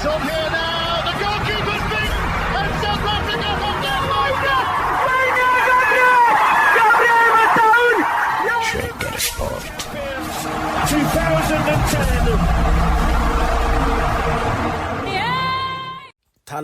It's on here.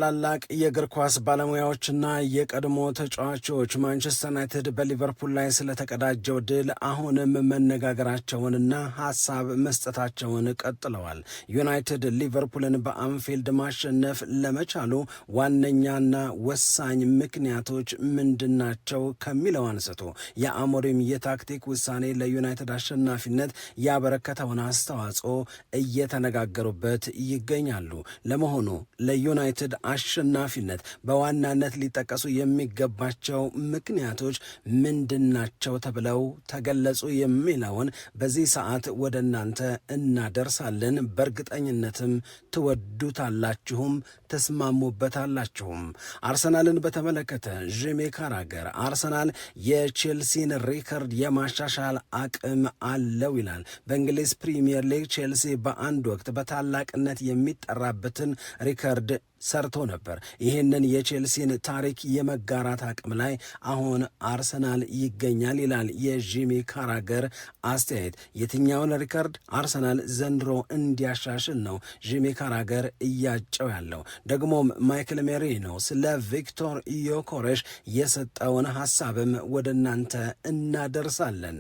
ታላላቅ የእግር ኳስ ባለሙያዎችና የቀድሞ ተጫዋቾች ማንቸስተር ዩናይትድ በሊቨርፑል ላይ ስለተቀዳጀው ድል አሁንም መነጋገራቸውንና ሀሳብ መስጠታቸውን ቀጥለዋል። ዩናይትድ ሊቨርፑልን በአንፊልድ ማሸነፍ ለመቻሉ ዋነኛና ወሳኝ ምክንያቶች ምንድናቸው ከሚለው አንስቶ የአሞሪም የታክቲክ ውሳኔ ለዩናይትድ አሸናፊነት ያበረከተውን አስተዋጽኦ እየተነጋገሩበት ይገኛሉ። ለመሆኑ ለዩናይትድ አሸናፊነት በዋናነት ሊጠቀሱ የሚገባቸው ምክንያቶች ምንድናቸው ተብለው ተገለጹ የሚለውን በዚህ ሰዓት ወደ እናንተ እናደርሳለን። በእርግጠኝነትም ትወዱታላችሁም ተስማሙበታላችሁም። አርሰናልን በተመለከተ ዥሜ ካራገር አርሰናል የቼልሲን ሪከርድ የማሻሻል አቅም አለው ይላል። በእንግሊዝ ፕሪምየር ሊግ ቼልሲ በአንድ ወቅት በታላቅነት የሚጠራበትን ሪከርድ ሰርቶ ነበር። ይህንን የቼልሲን ታሪክ የመጋራት አቅም ላይ አሁን አርሰናል ይገኛል ይላል የጂሚ ካራገር አስተያየት። የትኛውን ሪከርድ አርሰናል ዘንድሮ እንዲያሻሽል ነው ጂሚ ካራገር እያጨው ያለው? ደግሞም ማይክል ሜሪ ነው ስለ ቪክቶር ዮኮሬሽ የሰጠውን ሀሳብም ወደ እናንተ እናደርሳለን።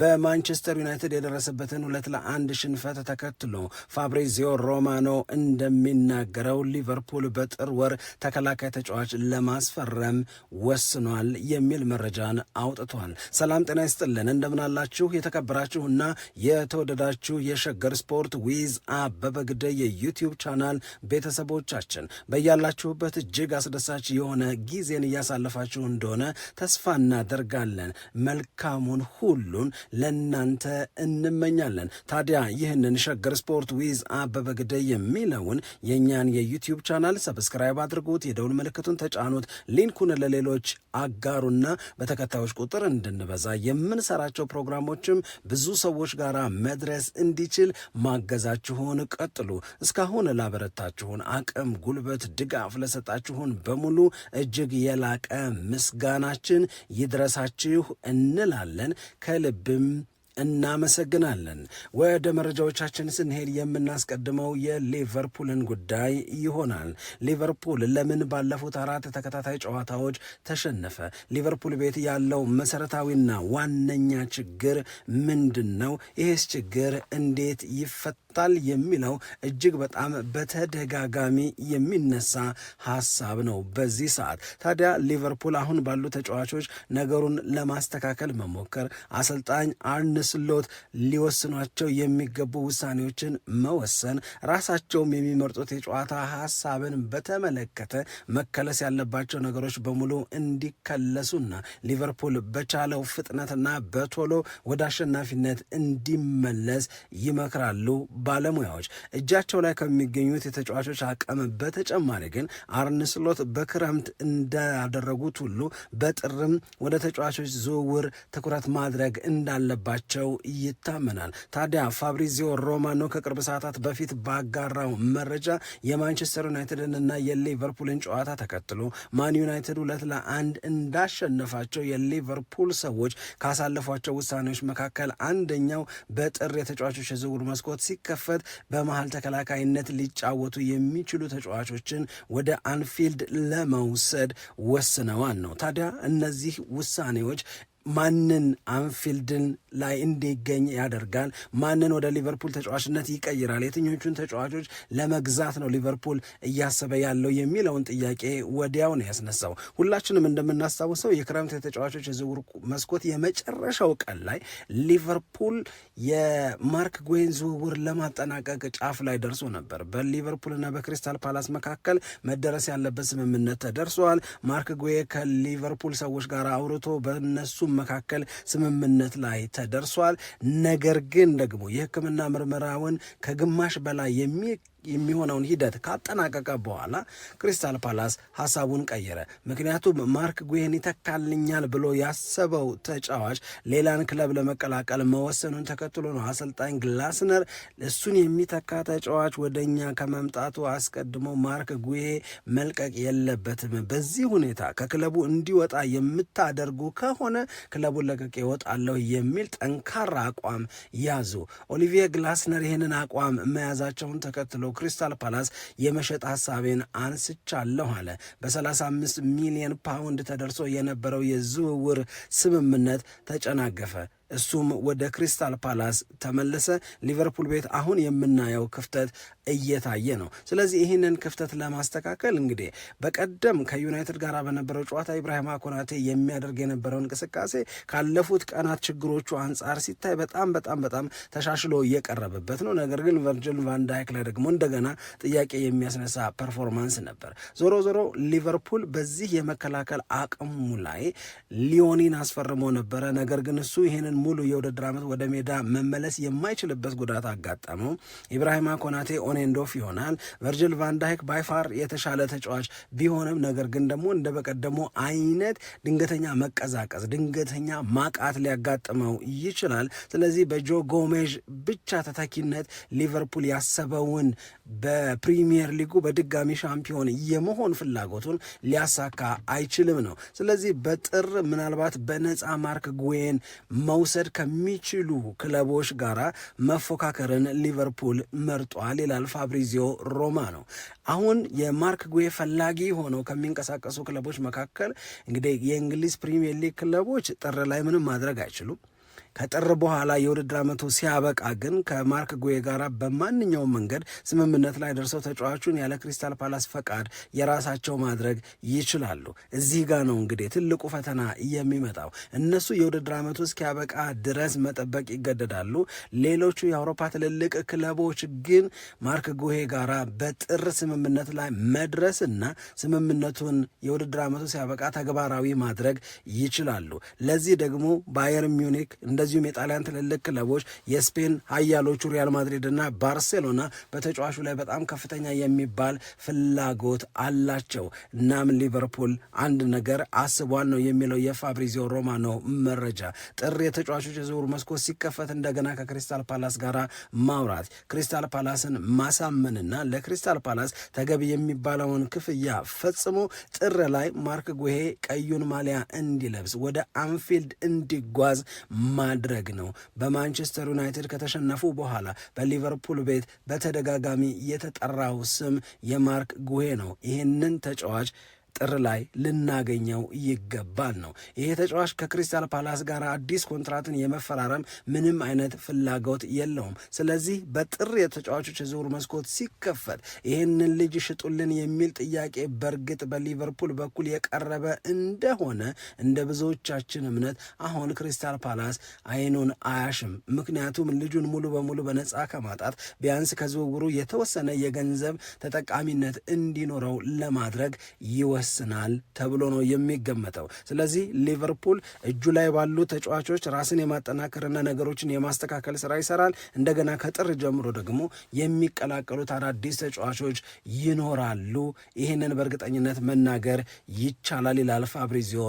በማንቸስተር ዩናይትድ የደረሰበትን ሁለት ለአንድ ሽንፈት ተከትሎ ፋብሪዚዮ ሮማኖ እንደሚናገረው ሊቨርፑል በጥር ወር ተከላካይ ተጫዋች ለማስፈረም ወስኗል የሚል መረጃን አውጥቷል። ሰላም ጤና ይስጥልን፣ እንደምናላችሁ የተከበራችሁና የተወደዳችሁ የሸገር ስፖርት ዊዝ አበበ ግደይ የዩቲዩብ ቻናል ቤተሰቦቻችን በያላችሁበት እጅግ አስደሳች የሆነ ጊዜን እያሳለፋችሁ እንደሆነ ተስፋ እናደርጋለን። መልካሙን ሁሉን ለእናንተ እንመኛለን። ታዲያ ይህንን ሸገር ስፖርት ዊዝ አበበ ግደይ የሚለውን የእኛን የዩቲዩብ ቻናል ቻናል ሰብስክራይብ አድርጉት፣ የደውል ምልክቱን ተጫኑት፣ ሊንኩን ለሌሎች አጋሩና በተከታዮች ቁጥር እንድንበዛ የምንሰራቸው ፕሮግራሞችም ብዙ ሰዎች ጋር መድረስ እንዲችል ማገዛችሁን ቀጥሉ። እስካሁን ላበረታችሁን አቅም፣ ጉልበት፣ ድጋፍ ለሰጣችሁን በሙሉ እጅግ የላቀ ምስጋናችን ይድረሳችሁ እንላለን ከልብም እናመሰግናለን። ወደ መረጃዎቻችን ስንሄድ የምናስቀድመው የሊቨርፑልን ጉዳይ ይሆናል። ሊቨርፑል ለምን ባለፉት አራት ተከታታይ ጨዋታዎች ተሸነፈ? ሊቨርፑል ቤት ያለው መሰረታዊና ዋነኛ ችግር ምንድን ነው? ይህስ ችግር እንዴት ይፈታል? የሚለው እጅግ በጣም በተደጋጋሚ የሚነሳ ሀሳብ ነው በዚህ ሰዓት። ታዲያ ሊቨርፑል አሁን ባሉ ተጫዋቾች ነገሩን ለማስተካከል መሞከር አሰልጣኝ አርን ስሎት ሊወስኗቸው የሚገቡ ውሳኔዎችን መወሰን፣ ራሳቸውም የሚመርጡት የጨዋታ ሀሳብን በተመለከተ መከለስ ያለባቸው ነገሮች በሙሉ እንዲከለሱና ሊቨርፑል በቻለው ፍጥነትና በቶሎ ወደ አሸናፊነት እንዲመለስ ይመክራሉ ባለሙያዎች። እጃቸው ላይ ከሚገኙት የተጫዋቾች አቅም በተጨማሪ ግን አርነ ስሎት በክረምት እንዳደረጉት ሁሉ በጥርም ወደ ተጫዋቾች ዝውውር ትኩረት ማድረግ እንዳለባቸው እንደሚያደርጋቸው ይታመናል። ታዲያ ፋብሪዚዮ ሮማኖ ከቅርብ ሰዓታት በፊት ባጋራው መረጃ የማንቸስተር ዩናይትድን እና የሊቨርፑልን ጨዋታ ተከትሎ ማን ዩናይትድ ሁለት ለአንድ እንዳሸነፋቸው የሊቨርፑል ሰዎች ካሳለፏቸው ውሳኔዎች መካከል አንደኛው በጥር የተጫዋቾች የዝውውር መስኮት ሲከፈት በመሀል ተከላካይነት ሊጫወቱ የሚችሉ ተጫዋቾችን ወደ አንፊልድ ለመውሰድ ወስነዋል ነው። ታዲያ እነዚህ ውሳኔዎች ማንን አንፊልድን ላይ እንዲገኝ ያደርጋል? ማንን ወደ ሊቨርፑል ተጫዋችነት ይቀይራል? የትኞቹን ተጫዋቾች ለመግዛት ነው ሊቨርፑል እያሰበ ያለው የሚለውን ጥያቄ ወዲያው ነው ያስነሳው። ሁላችንም እንደምናስታውሰው የክረምት የተጫዋቾች የዝውውር መስኮት የመጨረሻው ቀን ላይ ሊቨርፑል የማርክ ጎይን ዝውውር ለማጠናቀቅ ጫፍ ላይ ደርሶ ነበር። በሊቨርፑልና በክሪስታል ፓላስ መካከል መደረስ ያለበት ስምምነት ተደርሷል። ማርክ ጉዌ ከሊቨርፑል ሰዎች ጋር አውርቶ በነሱ መካከል ስምምነት ላይ ተደርሷል። ነገር ግን ደግሞ የህክምና ምርመራውን ከግማሽ በላይ የሚ የሚሆነውን ሂደት ካጠናቀቀ በኋላ ክሪስታል ፓላስ ሀሳቡን ቀየረ። ምክንያቱም ማርክ ጉሄን ይተካልኛል ብሎ ያሰበው ተጫዋች ሌላን ክለብ ለመቀላቀል መወሰኑን ተከትሎ ነው። አሰልጣኝ ግላስነር እሱን የሚተካ ተጫዋች ወደ እኛ ከመምጣቱ አስቀድሞ ማርክ ጉሄ መልቀቅ የለበትም። በዚህ ሁኔታ ከክለቡ እንዲወጣ የምታደርጉ ከሆነ ክለቡን ለቅቄ እወጣለሁ የሚል ጠንካራ አቋም ያዙ። ኦሊቪየ ግላስነር ይህንን አቋም መያዛቸውን ተከትሎ ያለው ክሪስታል ፓላስ የመሸጥ ሀሳቤን አንስቻለሁ አለ። በ35 ሚሊዮን ፓውንድ ተደርሶ የነበረው የዝውውር ስምምነት ተጨናገፈ። እሱም ወደ ክሪስታል ፓላስ ተመለሰ። ሊቨርፑል ቤት አሁን የምናየው ክፍተት እየታየ ነው። ስለዚህ ይህንን ክፍተት ለማስተካከል እንግዲህ በቀደም ከዩናይትድ ጋር በነበረው ጨዋታ ኢብራሂማ ኮናቴ የሚያደርግ የነበረው እንቅስቃሴ ካለፉት ቀናት ችግሮቹ አንጻር ሲታይ በጣም በጣም በጣም ተሻሽሎ እየቀረበበት ነው። ነገር ግን ቨርጅል ቫንዳይክ ላይ ደግሞ እንደገና ጥያቄ የሚያስነሳ ፐርፎርማንስ ነበር። ዞሮ ዞሮ ሊቨርፑል በዚህ የመከላከል አቅሙ ላይ ሊዮኒን አስፈርሞ ነበረ። ነገር ግን እሱ ይህንን ሙሉ የውድድር ዓመት ወደ ሜዳ መመለስ የማይችልበት ጉዳት አጋጠመው። ኢብራሂማ ኮናቴ ቴኔንዶፍ ይሆናል። ቨርጅል ቫንዳይክ ባይፋር የተሻለ ተጫዋች ቢሆንም ነገር ግን ደግሞ እንደ በቀደሞ አይነት ድንገተኛ መቀዛቀዝ፣ ድንገተኛ ማቃት ሊያጋጥመው ይችላል። ስለዚህ በጆ ጎሜዥ ብቻ ተተኪነት ሊቨርፑል ያሰበውን በፕሪሚየር ሊጉ በድጋሚ ሻምፒዮን የመሆን ፍላጎቱን ሊያሳካ አይችልም ነው። ስለዚህ በጥር ምናልባት በነፃ ማርክ ጉዌን መውሰድ ከሚችሉ ክለቦች ጋር መፎካከርን ሊቨርፑል መርጧል ይላል ፋብሪዚዮ ሮማ ነው። አሁን የማርክ ጉዌ ፈላጊ ሆነው ከሚንቀሳቀሱ ክለቦች መካከል እንግዲህ የእንግሊዝ ፕሪሚየር ሊግ ክለቦች ጥር ላይ ምንም ማድረግ አይችሉም። ከጥር በኋላ የውድድር ዓመቱ ሲያበቃ ግን ከማርክ ጉዌ ጋር በማንኛውም መንገድ ስምምነት ላይ ደርሰው ተጫዋቹን ያለ ክሪስታል ፓላስ ፈቃድ የራሳቸው ማድረግ ይችላሉ። እዚህ ጋ ነው እንግዲህ ትልቁ ፈተና የሚመጣው። እነሱ የውድድር ዓመቱ እስኪያበቃ ድረስ መጠበቅ ይገደዳሉ። ሌሎቹ የአውሮፓ ትልልቅ ክለቦች ግን ማርክ ጉሄ ጋር በጥር ስምምነት ላይ መድረስና ስምምነቱን የውድድር ዓመቱ ሲያበቃ ተግባራዊ ማድረግ ይችላሉ። ለዚህ ደግሞ ባየር ሚዩኒክ እንደ እንደዚሁም የጣሊያን ትልልቅ ክለቦች የስፔን ኃያሎቹ ሪያል ማድሪድ እና ባርሴሎና በተጫዋቹ ላይ በጣም ከፍተኛ የሚባል ፍላጎት አላቸው። እናም ሊቨርፑል አንድ ነገር አስቧል ነው የሚለው የፋብሪዚዮ ሮማኖ መረጃ። ጥር የተጫዋቾች የዝውውር መስኮት ሲከፈት እንደገና ከክሪስታል ፓላስ ጋር ማውራት፣ ክሪስታል ፓላስን ማሳመንና ለክሪስታል ፓላስ ተገቢ የሚባለውን ክፍያ ፈጽሞ ጥር ላይ ማርክ ጉሄ ቀዩን ማሊያ እንዲለብስ ወደ አንፊልድ እንዲጓዝ ማ ማድረግ ነው። በማንቸስተር ዩናይትድ ከተሸነፉ በኋላ በሊቨርፑል ቤት በተደጋጋሚ የተጠራው ስም የማርክ ጉሄ ነው። ይህንን ተጫዋች ጥር ላይ ልናገኘው ይገባል ነው። ይሄ ተጫዋች ከክሪስታል ፓላስ ጋር አዲስ ኮንትራትን የመፈራረም ምንም አይነት ፍላጎት የለውም። ስለዚህ በጥር የተጫዋቾች የዝውውር መስኮት ሲከፈት ይህንን ልጅ ሽጡልን የሚል ጥያቄ በእርግጥ በሊቨርፑል በኩል የቀረበ እንደሆነ እንደ ብዙዎቻችን እምነት አሁን ክሪስታል ፓላስ አይኑን አያሽም። ምክንያቱም ልጁን ሙሉ በሙሉ በነፃ ከማጣት ቢያንስ ከዝውውሩ የተወሰነ የገንዘብ ተጠቃሚነት እንዲኖረው ለማድረግ ይወ ይወስናል ተብሎ ነው የሚገመተው። ስለዚህ ሊቨርፑል እጁ ላይ ባሉ ተጫዋቾች ራስን የማጠናከርና ነገሮችን የማስተካከል ስራ ይሰራል። እንደገና ከጥር ጀምሮ ደግሞ የሚቀላቀሉት አዳዲስ ተጫዋቾች ይኖራሉ። ይህንን በእርግጠኝነት መናገር ይቻላል ይላል ፋብሪዚዮ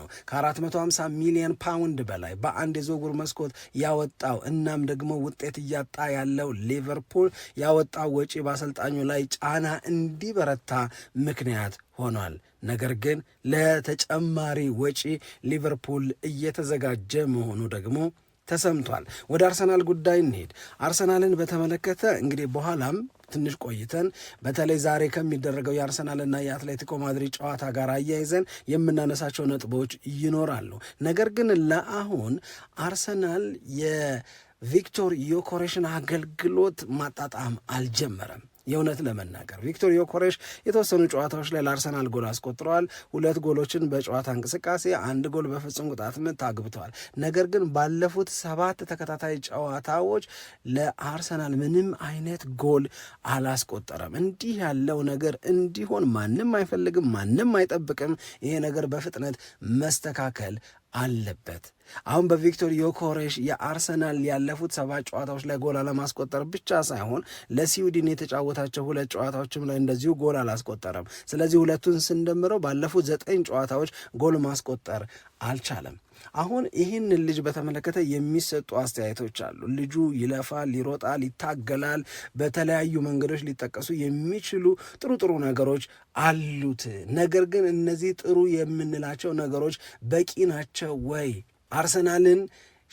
ነው ከ ከ450 ሚሊዮን ፓውንድ በላይ በአንድ የዝውውር መስኮት ያወጣው እናም ደግሞ ውጤት እያጣ ያለው ሊቨርፑል ያወጣው ወጪ በአሰልጣኙ ላይ ጫና እንዲበረታ ምክንያት ሆኗል። ነገር ግን ለተጨማሪ ወጪ ሊቨርፑል እየተዘጋጀ መሆኑ ደግሞ ተሰምቷል። ወደ አርሰናል ጉዳይ እንሄድ። አርሰናልን በተመለከተ እንግዲህ በኋላም ትንሽ ቆይተን በተለይ ዛሬ ከሚደረገው የአርሰናልና የአትሌቲኮ ማድሪድ ጨዋታ ጋር አያይዘን የምናነሳቸው ነጥቦች ይኖራሉ። ነገር ግን ለአሁን አርሰናል የቪክቶር ዮኮሬሽን አገልግሎት ማጣጣም አልጀመረም። የእውነት ለመናገር ቪክቶር ዮኮሬሽ የተወሰኑ ጨዋታዎች ላይ ለአርሰናል ጎል አስቆጥረዋል። ሁለት ጎሎችን በጨዋታ እንቅስቃሴ፣ አንድ ጎል በፍጹም ቅጣት ምት አግብተዋል። ነገር ግን ባለፉት ሰባት ተከታታይ ጨዋታዎች ለአርሰናል ምንም አይነት ጎል አላስቆጠረም። እንዲህ ያለው ነገር እንዲሆን ማንም አይፈልግም፣ ማንም አይጠብቅም። ይሄ ነገር በፍጥነት መስተካከል አለበት። አሁን በቪክቶር ዮኮሬሽ የአርሰናል ያለፉት ሰባት ጨዋታዎች ላይ ጎል አለማስቆጠር ብቻ ሳይሆን ለስዊድን የተጫወታቸው ሁለት ጨዋታዎችም ላይ እንደዚሁ ጎል አላስቆጠረም። ስለዚህ ሁለቱን ስንደምረው ባለፉት ዘጠኝ ጨዋታዎች ጎል ማስቆጠር አልቻለም። አሁን ይህንን ልጅ በተመለከተ የሚሰጡ አስተያየቶች አሉ። ልጁ ይለፋል፣ ይሮጣል፣ ይታገላል። በተለያዩ መንገዶች ሊጠቀሱ የሚችሉ ጥሩ ጥሩ ነገሮች አሉት። ነገር ግን እነዚህ ጥሩ የምንላቸው ነገሮች በቂ ናቸው ወይ አርሰናልን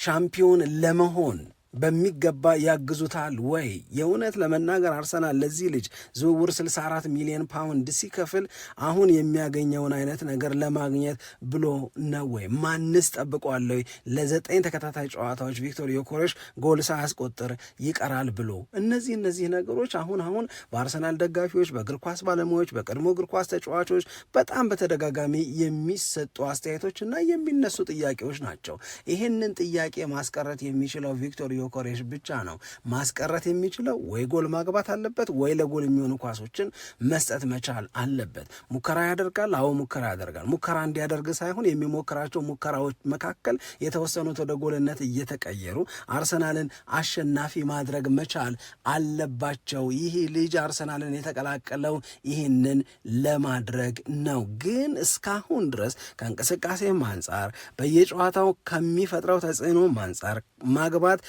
ሻምፒዮን ለመሆን በሚገባ ያግዙታል ወይ? የእውነት ለመናገር አርሰናል ለዚህ ልጅ ዝውውር 64 ሚሊዮን ፓውንድ ሲከፍል አሁን የሚያገኘውን አይነት ነገር ለማግኘት ብሎ ነው ወይ? ማንስ ጠብቋል ወይ? ለዘጠኝ ተከታታይ ጨዋታዎች ቪክቶር ዮኮሬሽ ጎል ሳያስቆጥር ይቀራል ብሎ እነዚህ እነዚህ ነገሮች አሁን አሁን በአርሰናል ደጋፊዎች፣ በእግር ኳስ ባለሙያዎች፣ በቀድሞ እግር ኳስ ተጫዋቾች በጣም በተደጋጋሚ የሚሰጡ አስተያየቶች እና የሚነሱ ጥያቄዎች ናቸው። ይህንን ጥያቄ ማስቀረት የሚችለው ቪክቶር ጊዮኮሬሽ ብቻ ነው ማስቀረት የሚችለው። ወይ ጎል ማግባት አለበት፣ ወይ ለጎል የሚሆኑ ኳሶችን መስጠት መቻል አለበት። ሙከራ ያደርጋል። አዎ ሙከራ ያደርጋል። ሙከራ እንዲያደርግ ሳይሆን የሚሞክራቸው ሙከራዎች መካከል የተወሰኑት ወደ ጎልነት እየተቀየሩ አርሰናልን አሸናፊ ማድረግ መቻል አለባቸው። ይህ ልጅ አርሰናልን የተቀላቀለው ይህንን ለማድረግ ነው። ግን እስካሁን ድረስ ከእንቅስቃሴም አንጻር በየጨዋታው ከሚፈጥረው ተጽዕኖም አንጻር ማግባት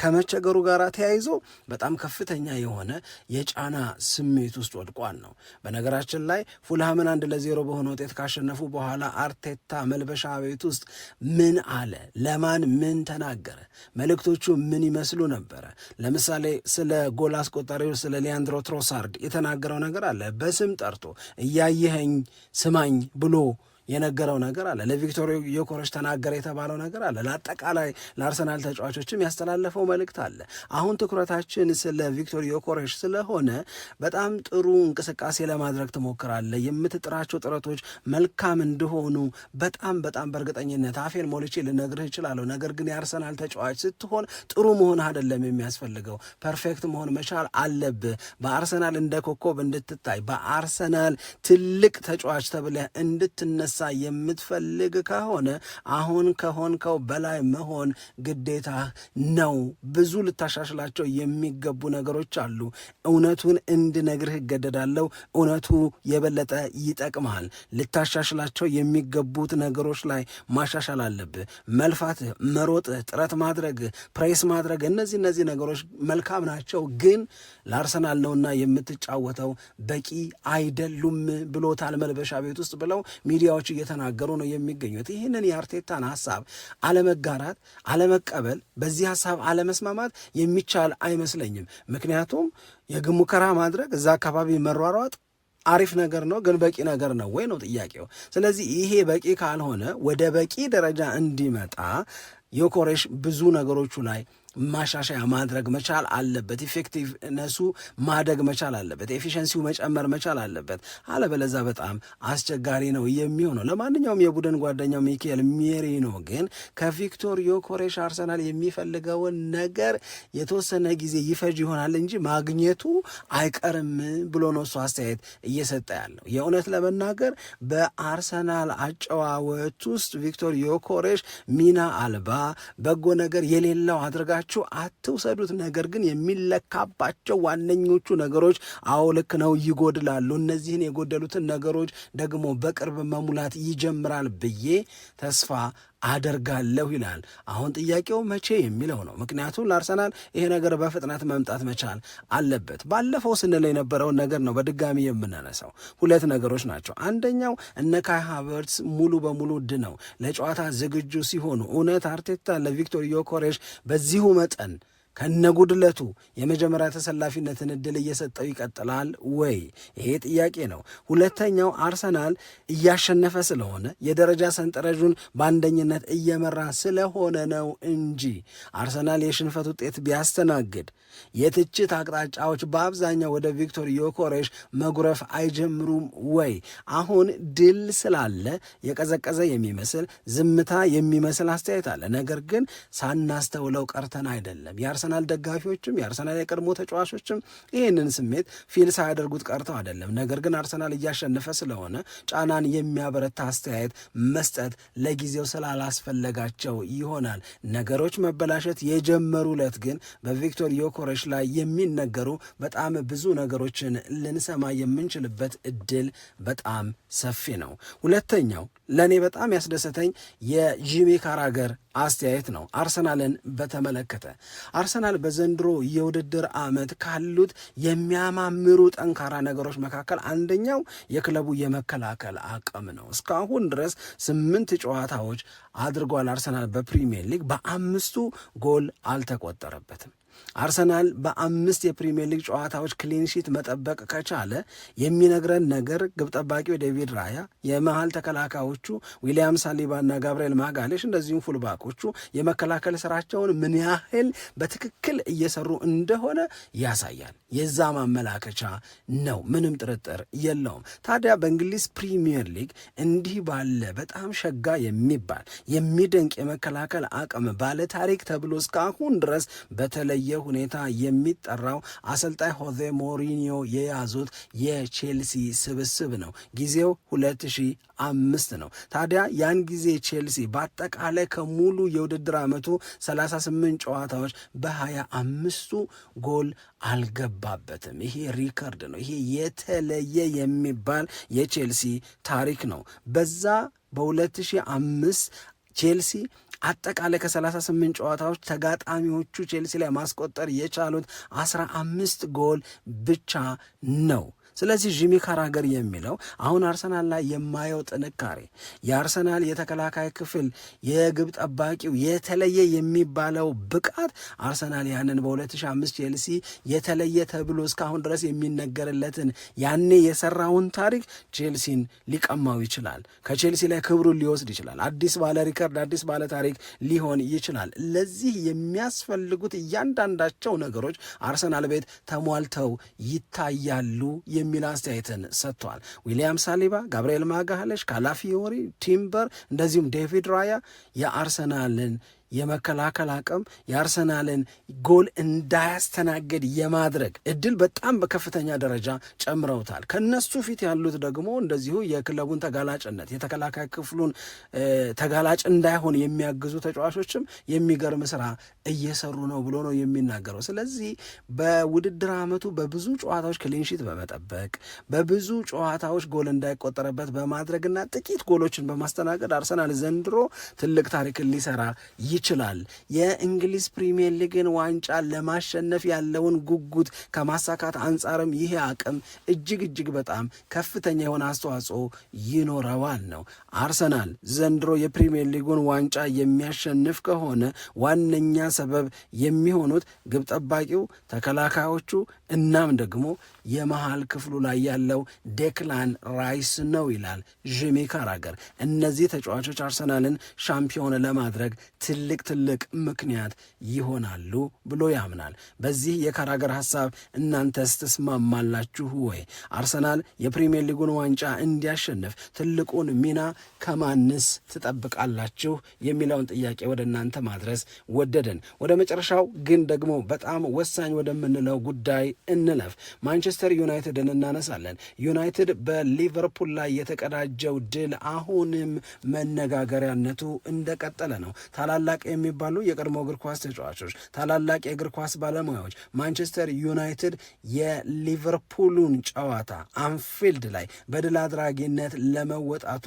ከመቸገሩ ጋር ተያይዞ በጣም ከፍተኛ የሆነ የጫና ስሜት ውስጥ ወድቋል ነው። በነገራችን ላይ ፉልሃምን አንድ ለዜሮ በሆነ ውጤት ካሸነፉ በኋላ አርቴታ መልበሻ ቤት ውስጥ ምን አለ፣ ለማን ምን ተናገረ፣ መልእክቶቹ ምን ይመስሉ ነበረ? ለምሳሌ ስለ ጎል አስቆጣሪው ስለ ሊያንድሮ ትሮሳርድ የተናገረው ነገር አለ። በስም ጠርቶ እያየኸኝ ስማኝ ብሎ የነገረው ነገር አለ። ለቪክቶር ዮኮረሽ ተናገረ የተባለው ነገር አለ። ለአጠቃላይ ለአርሰናል ተጫዋቾችም ያስተላለፈው መልእክት አለ። አሁን ትኩረታችን ስለ ቪክቶር ዮኮረሽ ስለሆነ በጣም ጥሩ እንቅስቃሴ ለማድረግ ትሞክራለህ። የምትጥራቸው ጥረቶች መልካም እንደሆኑ በጣም በጣም በእርግጠኝነት አፌን ሞልቼ ልነግርህ እችላለሁ። ነገር ግን የአርሰናል ተጫዋች ስትሆን ጥሩ መሆን አይደለም የሚያስፈልገው፣ ፐርፌክት መሆን መቻል አለብህ። በአርሰናል እንደ ኮከብ እንድትታይ፣ በአርሰናል ትልቅ ተጫዋች ተብለህ እንድትነሳ የምትፈልግ ከሆነ አሁን ከሆንከው በላይ መሆን ግዴታ ነው። ብዙ ልታሻሽላቸው የሚገቡ ነገሮች አሉ። እውነቱን እንድነግርህ እገደዳለሁ። እውነቱ የበለጠ ይጠቅማል። ልታሻሽላቸው የሚገቡት ነገሮች ላይ ማሻሻል አለብህ። መልፋት መሮጥ ጥረት ማድረግ ፕሬስ ማድረግ እነዚህ እነዚህ ነገሮች መልካም ናቸው፣ ግን ለአርሰናል ነውና የምትጫወተው በቂ አይደሉም ብሎታል መልበሻ ቤት ውስጥ ብለው ሚዲያዎች ሰዎች እየተናገሩ ነው የሚገኙት። ይህንን የአርቴታን ሀሳብ አለመጋራት፣ አለመቀበል፣ በዚህ ሀሳብ አለመስማማት የሚቻል አይመስለኝም። ምክንያቱም የግብ ሙከራ ማድረግ እዛ አካባቢ መሯሯጥ አሪፍ ነገር ነው፣ ግን በቂ ነገር ነው ወይ ነው ጥያቄው። ስለዚህ ይሄ በቂ ካልሆነ ወደ በቂ ደረጃ እንዲመጣ ዮኮሬሽ ብዙ ነገሮቹ ላይ ማሻሻያ ማድረግ መቻል አለበት። ኢፌክቲቭነሱ ማደግ መቻል አለበት። ኤፊሽንሲው መጨመር መቻል አለበት። አለበለዛ በጣም አስቸጋሪ ነው የሚሆነው። ለማንኛውም የቡድን ጓደኛው ሚኬል ሜሪኖ ግን ከቪክቶር ዮኮሬሽ አርሰናል የሚፈልገውን ነገር የተወሰነ ጊዜ ይፈጅ ይሆናል እንጂ ማግኘቱ አይቀርም ብሎ ነው እሱ አስተያየት እየሰጠ ያለው። የእውነት ለመናገር በአርሰናል አጨዋወት ውስጥ ቪክቶር ዮኮሬሽ ሚና አልባ በጎ ነገር የሌለው አድርጋ ብላችሁ አትውሰዱት። ነገር ግን የሚለካባቸው ዋነኞቹ ነገሮች አዎ ልክ ነው ይጎድላሉ። እነዚህን የጎደሉትን ነገሮች ደግሞ በቅርብ መሙላት ይጀምራል ብዬ ተስፋ አደርጋለሁ ይላል። አሁን ጥያቄው መቼ የሚለው ነው። ምክንያቱም ለአርሰናል ይሄ ነገር በፍጥነት መምጣት መቻል አለበት። ባለፈው ስንል የነበረውን ነገር ነው በድጋሚ የምናነሳው። ሁለት ነገሮች ናቸው። አንደኛው እነ ካይ ሃቨርትስ ሙሉ በሙሉ ድነው ለጨዋታ ዝግጁ ሲሆኑ እውነት አርቴታ ለቪክቶር ዮኮሬሽ በዚሁ መጠን ከነጉድለቱ የመጀመሪያ ተሰላፊነትን እድል እየሰጠው ይቀጥላል ወይ? ይሄ ጥያቄ ነው። ሁለተኛው አርሰናል እያሸነፈ ስለሆነ የደረጃ ሰንጠረዡን በአንደኝነት እየመራ ስለሆነ ነው እንጂ አርሰናል የሽንፈት ውጤት ቢያስተናግድ የትችት አቅጣጫዎች በአብዛኛው ወደ ቪክቶር ዮኮሬሽ መጉረፍ አይጀምሩም ወይ? አሁን ድል ስላለ የቀዘቀዘ የሚመስል ዝምታ የሚመስል አስተያየት አለ። ነገር ግን ሳናስተውለው ቀርተን አይደለም። የአርሰናል ደጋፊዎችም የአርሰናል የቀድሞ ተጫዋቾችም ይህንን ስሜት ፊል ሳያደርጉት ቀርተው አይደለም። ነገር ግን አርሰናል እያሸነፈ ስለሆነ ጫናን የሚያበረታ አስተያየት መስጠት ለጊዜው ስላላስፈለጋቸው ይሆናል። ነገሮች መበላሸት የጀመሩ ዕለት ግን በቪክቶር ዮኮሬሽ ላይ የሚነገሩ በጣም ብዙ ነገሮችን ልንሰማ የምንችልበት እድል በጣም ሰፊ ነው። ሁለተኛው ለእኔ በጣም ያስደሰተኝ የጂሚ ካራገር አስተያየት ነው አርሰናልን በተመለከተ አርሰናል በዘንድሮ የውድድር ዓመት ካሉት የሚያማምሩ ጠንካራ ነገሮች መካከል አንደኛው የክለቡ የመከላከል አቅም ነው። እስካሁን ድረስ ስምንት ጨዋታዎች አድርጓል። አርሰናል በፕሪሚየር ሊግ በአምስቱ ጎል አልተቆጠረበትም። አርሰናል በአምስት የፕሪምየር ሊግ ጨዋታዎች ክሊንሺት መጠበቅ ከቻለ የሚነግረን ነገር ግብ ጠባቂው ዴቪድ ራያ፣ የመሀል ተከላካዮቹ ዊሊያም ሳሊባና ጋብርኤል ማጋሌሽ እንደዚሁም ፉልባኮቹ የመከላከል ስራቸውን ምን ያህል በትክክል እየሰሩ እንደሆነ ያሳያል። የዛ ማመላከቻ ነው፣ ምንም ጥርጥር የለውም። ታዲያ በእንግሊዝ ፕሪምየር ሊግ እንዲህ ባለ በጣም ሸጋ የሚባል የሚደንቅ የመከላከል አቅም ባለታሪክ ተብሎ እስካሁን ድረስ በተለየ በተለየ ሁኔታ የሚጠራው አሰልጣኝ ሆዜ ሞሪኒዮ የያዙት የቼልሲ ስብስብ ነው። ጊዜው 2005 ነው። ታዲያ ያን ጊዜ ቼልሲ በአጠቃላይ ከሙሉ የውድድር ዓመቱ 38 ጨዋታዎች በሀያ አምስቱ ጎል አልገባበትም። ይሄ ሪከርድ ነው። ይሄ የተለየ የሚባል የቼልሲ ታሪክ ነው። በዛ በ2005 ቼልሲ አጠቃላይ ከ38 ጨዋታዎች ተጋጣሚዎቹ ቼልሲ ላይ ማስቆጠር የቻሉት አስራ አምስት ጎል ብቻ ነው። ስለዚህ ጂሚ ካራገር የሚለው አሁን አርሰናል ላይ የማየው ጥንካሬ የአርሰናል የተከላካይ ክፍል የግብ ጠባቂው የተለየ የሚባለው ብቃት አርሰናል ያንን በ2005 ቼልሲ የተለየ ተብሎ እስካሁን ድረስ የሚነገርለትን ያኔ የሰራውን ታሪክ ቼልሲን ሊቀማው ይችላል። ከቼልሲ ላይ ክብሩን ሊወስድ ይችላል። አዲስ ባለ ሪከርድ፣ አዲስ ባለ ታሪክ ሊሆን ይችላል። ለዚህ የሚያስፈልጉት እያንዳንዳቸው ነገሮች አርሰናል ቤት ተሟልተው ይታያሉ። የሚል አስተያየትን ሰጥቷል። ዊሊያም ሳሊባ፣ ጋብርኤል ማጋሃለሽ፣ ካላፊዮሪ፣ ቲምበር እንደዚሁም ዴቪድ ራያ የአርሰናልን የመከላከል አቅም የአርሰናልን ጎል እንዳያስተናግድ የማድረግ እድል በጣም በከፍተኛ ደረጃ ጨምረውታል። ከነሱ ፊት ያሉት ደግሞ እንደዚሁ የክለቡን ተጋላጭነት የተከላካይ ክፍሉን ተጋላጭ እንዳይሆን የሚያግዙ ተጫዋቾችም የሚገርም ስራ እየሰሩ ነው ብሎ ነው የሚናገረው። ስለዚህ በውድድር ዓመቱ በብዙ ጨዋታዎች ክሊንሺት በመጠበቅ በብዙ ጨዋታዎች ጎል እንዳይቆጠረበት በማድረግና ጥቂት ጎሎችን በማስተናገድ አርሰናል ዘንድሮ ትልቅ ታሪክን ሊሰራ ይ ይችላል። የእንግሊዝ ፕሪሚየር ሊግን ዋንጫ ለማሸነፍ ያለውን ጉጉት ከማሳካት አንጻርም ይህ አቅም እጅግ እጅግ በጣም ከፍተኛ የሆነ አስተዋጽኦ ይኖረዋል ነው። አርሰናል ዘንድሮ የፕሪሚየር ሊጉን ዋንጫ የሚያሸንፍ ከሆነ ዋነኛ ሰበብ የሚሆኑት ግብ ጠባቂው፣ ተከላካዮቹ እናም ደግሞ የመሃል ክፍሉ ላይ ያለው ዴክላን ራይስ ነው ይላል ጂሚ ካራገር። እነዚህ ተጫዋቾች አርሰናልን ሻምፒዮን ለማድረግ ትልቅ ትልቅ ምክንያት ይሆናሉ ብሎ ያምናል። በዚህ የካራገር ሀሳብ እናንተስ ትስማማላችሁ ወይ? አርሰናል የፕሪምየር ሊጉን ዋንጫ እንዲያሸንፍ ትልቁን ሚና ከማንስ ትጠብቃላችሁ የሚለውን ጥያቄ ወደ እናንተ ማድረስ ወደድን። ወደ መጨረሻው ግን ደግሞ በጣም ወሳኝ ወደምንለው ጉዳይ እንለፍ። ማንቸስተር ዩናይትድን እናነሳለን። ዩናይትድ በሊቨርፑል ላይ የተቀዳጀው ድል አሁንም መነጋገሪያነቱ እንደቀጠለ ነው። ታላላቅ የሚባሉ የቀድሞ እግር ኳስ ተጫዋቾች፣ ታላላቅ የእግር ኳስ ባለሙያዎች ማንቸስተር ዩናይትድ የሊቨርፑሉን ጨዋታ አንፊልድ ላይ በድል አድራጊነት ለመወጣቱ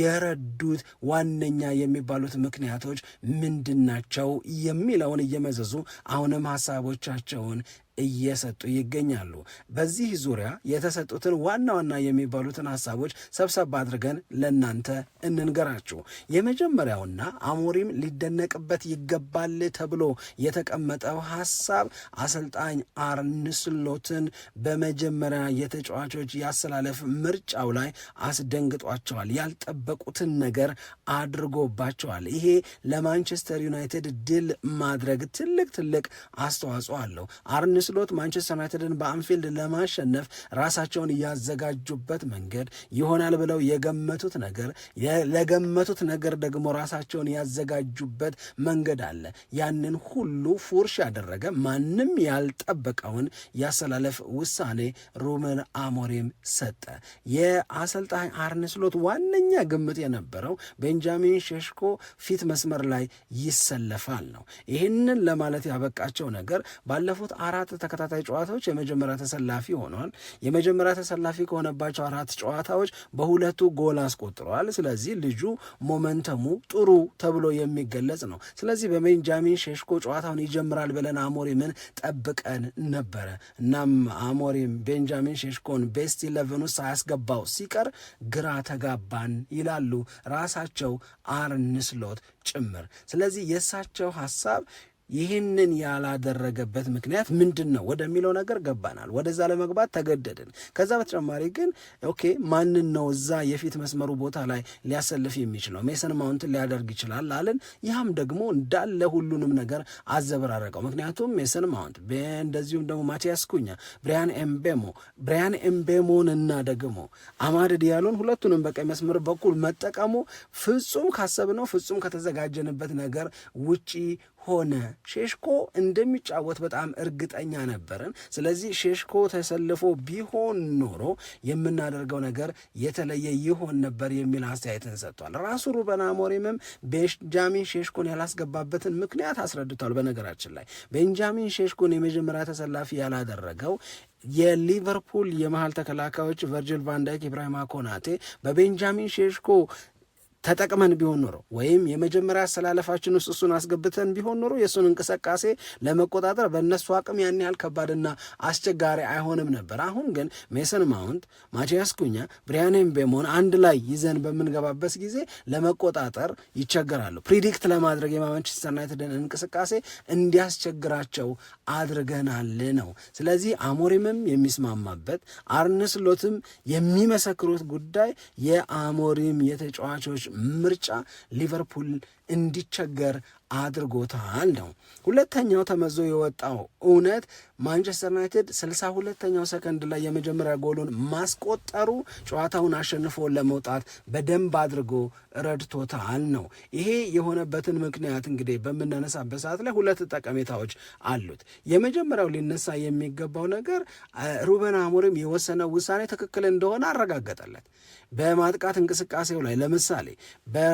የረዱት ዋነኛ የሚባሉት ምክንያቶች ምንድናቸው? የሚለውን እየመዘዙ አሁንም ሀሳቦቻቸውን እየሰጡ ይገኛሉ። በዚህ ዙሪያ የተሰጡትን ዋና ዋና የሚባሉትን ሀሳቦች ሰብሰብ አድርገን ለእናንተ እንንገራችሁ። የመጀመሪያውና አሞሪም ሊደነቅበት ይገባል ተብሎ የተቀመጠው ሀሳብ አሰልጣኝ አርነ ስሎትን በመጀመሪያ የተጫዋቾች የአሰላለፍ ምርጫው ላይ አስደንግጧቸዋል። ያልጠበቁትን ነገር አድርጎባቸዋል። ይሄ ለማንቸስተር ዩናይትድ ድል ማድረግ ትልቅ ትልቅ አስተዋጽኦ አለው። አርነ ችሎት ማንቸስተር ዩናይትድን በአንፊልድ ለማሸነፍ ራሳቸውን ያዘጋጁበት መንገድ ይሆናል ብለው የገመቱት ነገር ለገመቱት ነገር ደግሞ ራሳቸውን ያዘጋጁበት መንገድ አለ። ያንን ሁሉ ፉርሽ ያደረገ ማንም ያልጠበቀውን ያሰላለፍ ውሳኔ ሩበን አሞሪም ሰጠ። የአሰልጣኝ አርነ ስሎት ዋነኛ ግምት የነበረው ቤንጃሚን ሸሽኮ ፊት መስመር ላይ ይሰለፋል ነው። ይህንን ለማለት ያበቃቸው ነገር ባለፉት አራት ተከታታይ ጨዋታዎች የመጀመሪያ ተሰላፊ ሆኗል። የመጀመሪያ ተሰላፊ ከሆነባቸው አራት ጨዋታዎች በሁለቱ ጎል አስቆጥረዋል። ስለዚህ ልጁ ሞመንተሙ ጥሩ ተብሎ የሚገለጽ ነው። ስለዚህ በቤንጃሚን ሼሽኮ ጨዋታውን ይጀምራል ብለን አሞሪምን ጠብቀን ነበረ። እናም አሞሪም ቤንጃሚን ሼሽኮን ቤስት ኢለቨን ውስጥ ሳያስገባው ሲቀር ግራ ተጋባን ይላሉ ራሳቸው አርንስሎት ጭምር። ስለዚህ የእሳቸው ሀሳብ ይህንን ያላደረገበት ምክንያት ምንድን ነው ወደሚለው ነገር ገባናል። ወደዛ ለመግባት ተገደድን። ከዛ በተጨማሪ ግን ኦኬ ማንን ነው እዛ የፊት መስመሩ ቦታ ላይ ሊያሰልፍ የሚችለው? ሜሰን ማውንትን ሊያደርግ ይችላል አለን። ያም ደግሞ እንዳለ ሁሉንም ነገር አዘበራረቀው። ምክንያቱም ሜሰን ማውንት እንደዚሁም ደግሞ ማቲያስ ኩኛ፣ ብሪያን ኤምቤሞ ብሪያን ኤምቤሞን እና ደግሞ አማድ ዲያሎን ሁለቱንም በቀኝ መስመር በኩል መጠቀሙ ፍጹም ካሰብነው ፍጹም ከተዘጋጀንበት ነገር ውጪ ሆነ። ሼሽኮ እንደሚጫወት በጣም እርግጠኛ ነበርን። ስለዚህ ሼሽኮ ተሰልፎ ቢሆን ኖሮ የምናደርገው ነገር የተለየ ይሆን ነበር የሚል አስተያየትን ሰጥቷል። ራሱ ሩበን አሞሪምም ቤንጃሚን ሼሽኮን ያላስገባበትን ምክንያት አስረድቷል። በነገራችን ላይ ቤንጃሚን ሼሽኮን የመጀመሪያ ተሰላፊ ያላደረገው የሊቨርፑል የመሀል ተከላካዮች ቨርጅል ቫንዳይክ፣ ኢብራሂማ ኮናቴ በቤንጃሚን ሼሽኮ ተጠቅመን ቢሆን ኖሮ ወይም የመጀመሪያ አሰላለፋችን ውስጥ እሱን አስገብተን ቢሆን ኖሮ የእሱን እንቅስቃሴ ለመቆጣጠር በእነሱ አቅም ያን ያህል ከባድና አስቸጋሪ አይሆንም ነበር። አሁን ግን ሜሰን ማውንት፣ ማቲያስ ኩኛ፣ ብሪያን ምቤሞን አንድ ላይ ይዘን በምንገባበት ጊዜ ለመቆጣጠር ይቸገራሉ። ፕሪዲክት ለማድረግ የማንቸስተር ዩናይትድን እንቅስቃሴ እንዲያስቸግራቸው አድርገናል ነው። ስለዚህ አሞሪምም የሚስማማበት አርነ ስሎትም የሚመሰክሩት ጉዳይ የአሞሪም የተጫዋቾች ምርጫ ሊቨርፑል እንዲቸገር አድርጎታል ነው። ሁለተኛው ተመዞ የወጣው እውነት ማንቸስተር ዩናይትድ ስልሳ ሁለተኛው ሰከንድ ላይ የመጀመሪያ ጎሉን ማስቆጠሩ ጨዋታውን አሸንፎ ለመውጣት በደንብ አድርጎ ረድቶታል ነው። ይሄ የሆነበትን ምክንያት እንግዲህ በምናነሳበት ሰዓት ላይ ሁለት ጠቀሜታዎች አሉት። የመጀመሪያው ሊነሳ የሚገባው ነገር ሩበን አሞሪም የወሰነው ውሳኔ ትክክል እንደሆነ አረጋገጠለት። በማጥቃት እንቅስቃሴው ላይ ለምሳሌ በ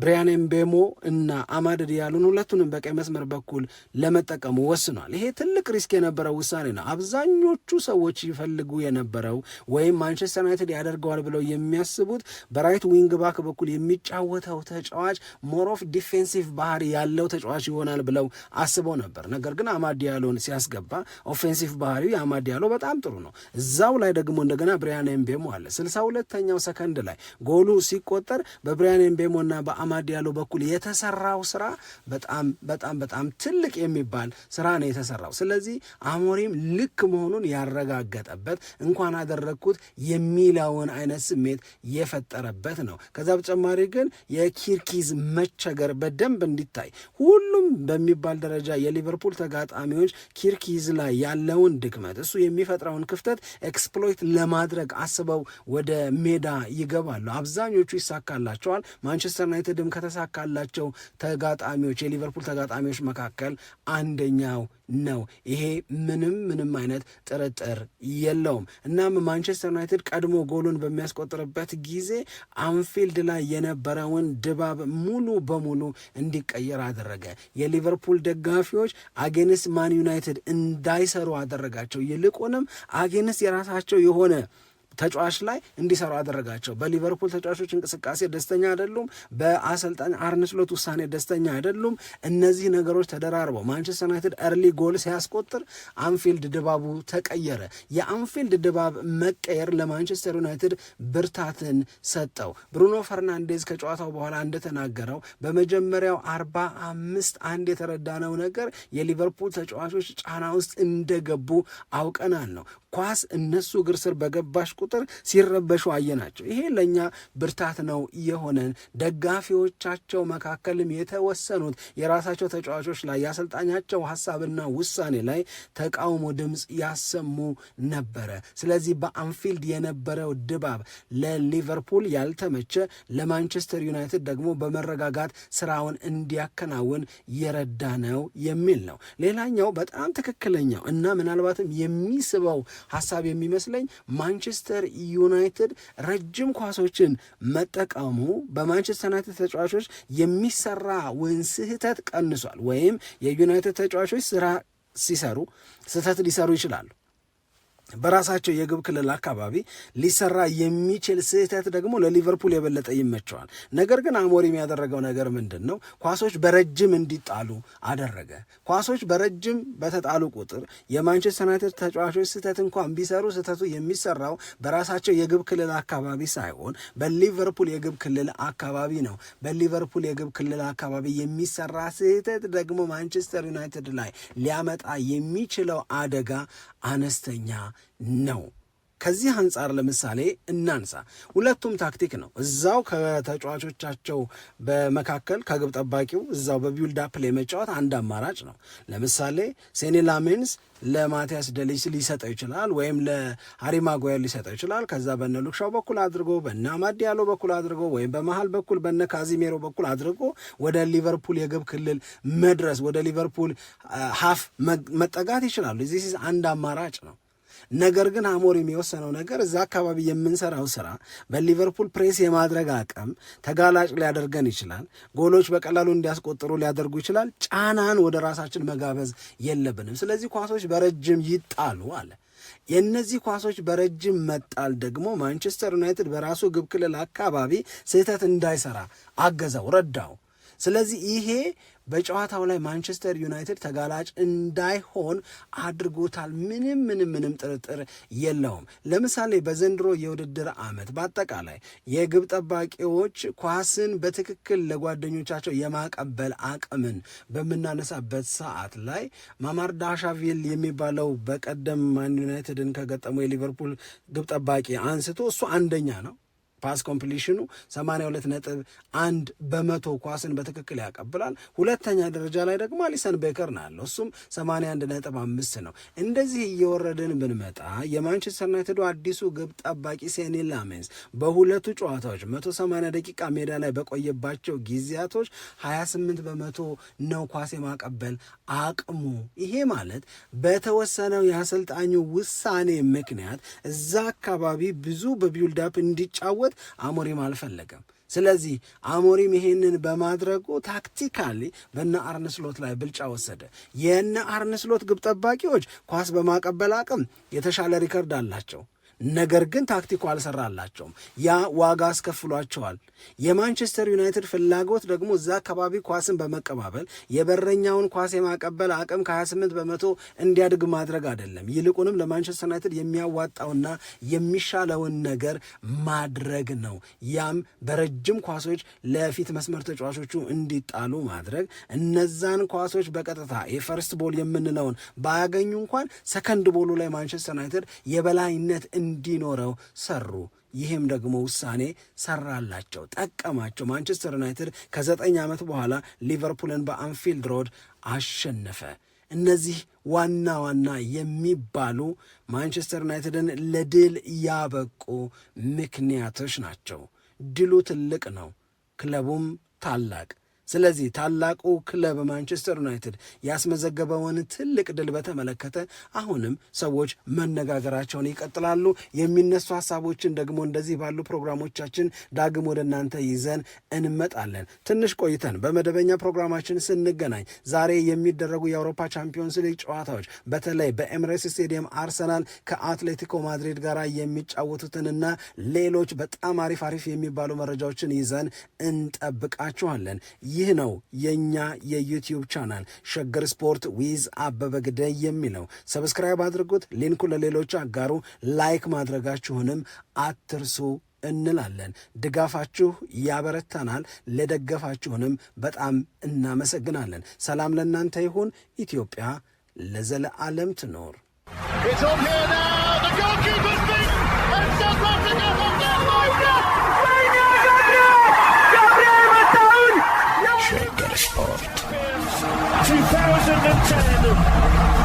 ብሪያን ኤምቤሞ እና አማድ ዲያሎን ሁለቱንም በቀይ መስመር በኩል ለመጠቀሙ ወስኗል። ይሄ ትልቅ ሪስክ የነበረው ውሳኔ ነው። አብዛኞቹ ሰዎች ይፈልጉ የነበረው ወይም ማንቸስተር ዩናይትድ ያደርገዋል ብለው የሚያስቡት በራይት ዊንግ ባክ በኩል የሚጫወተው ተጫዋች ሞሮፍ ዲፌንሲቭ ባህሪ ያለው ተጫዋች ይሆናል ብለው አስበው ነበር። ነገር ግን አማድ ዲያሎን ሲያስገባ ኦፌንሲቭ ባህሪው የአማድ ዲያሎ በጣም ጥሩ ነው። እዛው ላይ ደግሞ እንደገና ብሪያን ኤምቤሞ አለ። ስልሳ ሁለተኛው ሰከንድ ላይ ጎሉ ሲቆጠር በብሪያን ኤምቤሞና በአማድ ያለው በኩል የተሰራው ስራ በጣም በጣም በጣም ትልቅ የሚባል ስራ ነው የተሰራው። ስለዚህ አሞሪም ልክ መሆኑን ያረጋገጠበት እንኳን አደረግኩት የሚለውን አይነት ስሜት የፈጠረበት ነው። ከዛ በተጨማሪ ግን የኪርኪዝ መቸገር በደንብ እንዲታይ ሁሉም በሚባል ደረጃ የሊቨርፑል ተጋጣሚዎች ኪርኪዝ ላይ ያለውን ድክመት እሱ የሚፈጥረውን ክፍተት ኤክስፕሎይት ለማድረግ አስበው ወደ ሜዳ ይገባሉ። አብዛኞቹ ይሳካላቸዋል። ማንቸስተር ዩናይትድ ዩናይትድም ከተሳካላቸው ተጋጣሚዎች የሊቨርፑል ተጋጣሚዎች መካከል አንደኛው ነው። ይሄ ምንም ምንም አይነት ጥርጥር የለውም። እናም ማንቸስተር ዩናይትድ ቀድሞ ጎሉን በሚያስቆጥርበት ጊዜ አንፊልድ ላይ የነበረውን ድባብ ሙሉ በሙሉ እንዲቀየር አደረገ። የሊቨርፑል ደጋፊዎች አጌንስ ማን ዩናይትድ እንዳይሰሩ አደረጋቸው። ይልቁንም አጌንስ የራሳቸው የሆነ ተጫዋች ላይ እንዲሰሩ አደረጋቸው። በሊቨርፑል ተጫዋቾች እንቅስቃሴ ደስተኛ አይደሉም። በአሰልጣኝ አርነ ስሎት ውሳኔ ደስተኛ አይደሉም። እነዚህ ነገሮች ተደራርበው ማንቸስተር ዩናይትድ ርሊ ጎል ሲያስቆጥር አንፊልድ ድባቡ ተቀየረ። የአንፊልድ ድባብ መቀየር ለማንቸስተር ዩናይትድ ብርታትን ሰጠው። ብሩኖ ፈርናንዴዝ ከጨዋታው በኋላ እንደተናገረው በመጀመሪያው አርባ አምስት አንድ የተረዳነው ነገር የሊቨርፑል ተጫዋቾች ጫና ውስጥ እንደገቡ አውቀናል ነው ኳስ እነሱ እግር ስር በገባሽ ቁጥር ሲረበሹ አየናቸው። ይሄ ለእኛ ብርታት ነው የሆነን። ደጋፊዎቻቸው መካከልም የተወሰኑት የራሳቸው ተጫዋቾች ላይ የአሰልጣኛቸው ሀሳብና ውሳኔ ላይ ተቃውሞ ድምፅ ያሰሙ ነበረ። ስለዚህ በአንፊልድ የነበረው ድባብ ለሊቨርፑል ያልተመቸ፣ ለማንቸስተር ዩናይትድ ደግሞ በመረጋጋት ስራውን እንዲያከናውን የረዳ ነው የሚል ነው። ሌላኛው በጣም ትክክለኛው እና ምናልባትም የሚስበው ሀሳብ የሚመስለኝ ማንቸስተር ዩናይትድ ረጅም ኳሶችን መጠቀሙ በማንቸስተር ዩናይትድ ተጫዋቾች የሚሰራውን ስህተት ቀንሷል። ወይም የዩናይትድ ተጫዋቾች ስራ ሲሰሩ ስህተት ሊሰሩ ይችላሉ በራሳቸው የግብ ክልል አካባቢ ሊሰራ የሚችል ስህተት ደግሞ ለሊቨርፑል የበለጠ ይመቸዋል። ነገር ግን አሞሪም ያደረገው ነገር ምንድን ነው? ኳሶች በረጅም እንዲጣሉ አደረገ። ኳሶች በረጅም በተጣሉ ቁጥር የማንቸስተር ዩናይትድ ተጫዋቾች ስህተት እንኳን ቢሰሩ ስህተቱ የሚሰራው በራሳቸው የግብ ክልል አካባቢ ሳይሆን በሊቨርፑል የግብ ክልል አካባቢ ነው። በሊቨርፑል የግብ ክልል አካባቢ የሚሰራ ስህተት ደግሞ ማንቸስተር ዩናይትድ ላይ ሊያመጣ የሚችለው አደጋ አነስተኛ ነው። ከዚህ አንጻር ለምሳሌ እናንሳ። ሁለቱም ታክቲክ ነው። እዛው ከተጫዋቾቻቸው በመካከል ከግብ ጠባቂው እዛው በቢውልዳፕ ላይ መጫወት አንድ አማራጭ ነው። ለምሳሌ ሴኒ ላሜንስ ለማቲያስ ደሊስ ሊሰጠው ይችላል፣ ወይም ለሃሪ ማጓየር ሊሰጠው ይችላል። ከዛ በነ ሉክሻው በኩል አድርጎ በነ አማድ በኩል አድርጎ ወይም በመሀል በኩል በነ ካዚሜሮ በኩል አድርጎ ወደ ሊቨርፑል የግብ ክልል መድረስ ወደ ሊቨርፑል ሀፍ መጠጋት ይችላሉ። ዚህ አንድ አማራጭ ነው። ነገር ግን አሞር የሚወሰነው ነገር እዛ አካባቢ የምንሰራው ስራ በሊቨርፑል ፕሬስ የማድረግ አቅም ተጋላጭ ሊያደርገን ይችላል፣ ጎሎች በቀላሉ እንዲያስቆጥሩ ሊያደርጉ ይችላል። ጫናን ወደ ራሳችን መጋበዝ የለብንም። ስለዚህ ኳሶች በረጅም ይጣሉ አለ። የእነዚህ ኳሶች በረጅም መጣል ደግሞ ማንቸስተር ዩናይትድ በራሱ ግብ ክልል አካባቢ ስህተት እንዳይሰራ አገዘው፣ ረዳው። ስለዚህ ይሄ በጨዋታው ላይ ማንቸስተር ዩናይትድ ተጋላጭ እንዳይሆን አድርጎታል። ምንም ምንም ምንም ጥርጥር የለውም። ለምሳሌ በዘንድሮ የውድድር ዓመት በአጠቃላይ የግብ ጠባቂዎች ኳስን በትክክል ለጓደኞቻቸው የማቀበል አቅምን በምናነሳበት ሰዓት ላይ ማማር ዳሻቪል የሚባለው በቀደም ማን ዩናይትድን ከገጠመው የሊቨርፑል ግብ ጠባቂ አንስቶ እሱ አንደኛ ነው። ፓስ ኮምፕሊሽኑ 82 ነጥብ አንድ በመቶ ኳስን በትክክል ያቀብላል። ሁለተኛ ደረጃ ላይ ደግሞ አሊሰን ቤከር ነው ያለው፣ እሱም 81 ነጥብ አምስት ነው። እንደዚህ እየወረድን ብንመጣ የማንቸስተር ዩናይትዱ አዲሱ ግብ ጠባቂ ሴኒ ላሜንስ በሁለቱ ጨዋታዎች 180 ደቂቃ ሜዳ ላይ በቆየባቸው ጊዜያቶች 28 በመቶ ነው ኳስ የማቀበል አቅሙ። ይሄ ማለት በተወሰነው የአሰልጣኙ ውሳኔ ምክንያት እዛ አካባቢ ብዙ በቢውልዳፕ እንዲጫወት እንዲጫወት አሞሪም አልፈለገም። ስለዚህ አሞሪም ይሄንን በማድረጉ ታክቲካሊ በነ አርንስሎት ላይ ብልጫ ወሰደ። የነ አርንስሎት ግብ ጠባቂዎች ኳስ በማቀበል አቅም የተሻለ ሪከርድ አላቸው። ነገር ግን ታክቲኩ አልሰራላቸውም። ያ ዋጋ አስከፍሏቸዋል። የማንቸስተር ዩናይትድ ፍላጎት ደግሞ እዛ አካባቢ ኳስን በመቀባበል የበረኛውን ኳስ የማቀበል አቅም ከ28 በመቶ እንዲያድግ ማድረግ አይደለም። ይልቁንም ለማንቸስተር ዩናይትድ የሚያዋጣውና የሚሻለውን ነገር ማድረግ ነው። ያም በረጅም ኳሶች ለፊት መስመር ተጫዋቾቹ እንዲጣሉ ማድረግ፣ እነዛን ኳሶች በቀጥታ የፈርስት ቦል የምንለውን ባያገኙ እንኳን ሰከንድ ቦሉ ላይ ማንቸስተር ዩናይትድ የበላይነት እንዲኖረው ሰሩ። ይህም ደግሞ ውሳኔ ሰራላቸው፣ ጠቀማቸው። ማንቸስተር ዩናይትድ ከዘጠኝ ዓመት በኋላ ሊቨርፑልን በአንፊልድ ሮድ አሸነፈ። እነዚህ ዋና ዋና የሚባሉ ማንቸስተር ዩናይትድን ለድል ያበቁ ምክንያቶች ናቸው። ድሉ ትልቅ ነው፣ ክለቡም ታላቅ ስለዚህ ታላቁ ክለብ ማንቸስተር ዩናይትድ ያስመዘገበውን ትልቅ ድል በተመለከተ አሁንም ሰዎች መነጋገራቸውን ይቀጥላሉ። የሚነሱ ሀሳቦችን ደግሞ እንደዚህ ባሉ ፕሮግራሞቻችን ዳግም ወደ እናንተ ይዘን እንመጣለን። ትንሽ ቆይተን በመደበኛ ፕሮግራማችን ስንገናኝ ዛሬ የሚደረጉ የአውሮፓ ቻምፒዮንስ ሊግ ጨዋታዎች በተለይ በኤምሬስ ስቴዲየም አርሰናል ከአትሌቲኮ ማድሪድ ጋር የሚጫወቱትንና ሌሎች በጣም አሪፍ አሪፍ የሚባሉ መረጃዎችን ይዘን እንጠብቃችኋለን። ይህ ነው የእኛ የዩቲዩብ ቻናል ሸገር ስፖርት ዊዝ አበበ ግደይ የሚለው። ሰብስክራይብ አድርጉት፣ ሊንኩ ለሌሎች አጋሩ፣ ላይክ ማድረጋችሁንም አትርሱ እንላለን። ድጋፋችሁ ያበረታናል። ለደገፋችሁንም በጣም እናመሰግናለን። ሰላም ለእናንተ ይሁን። ኢትዮጵያ ለዘለዓለም ትኖር። Sport. 2010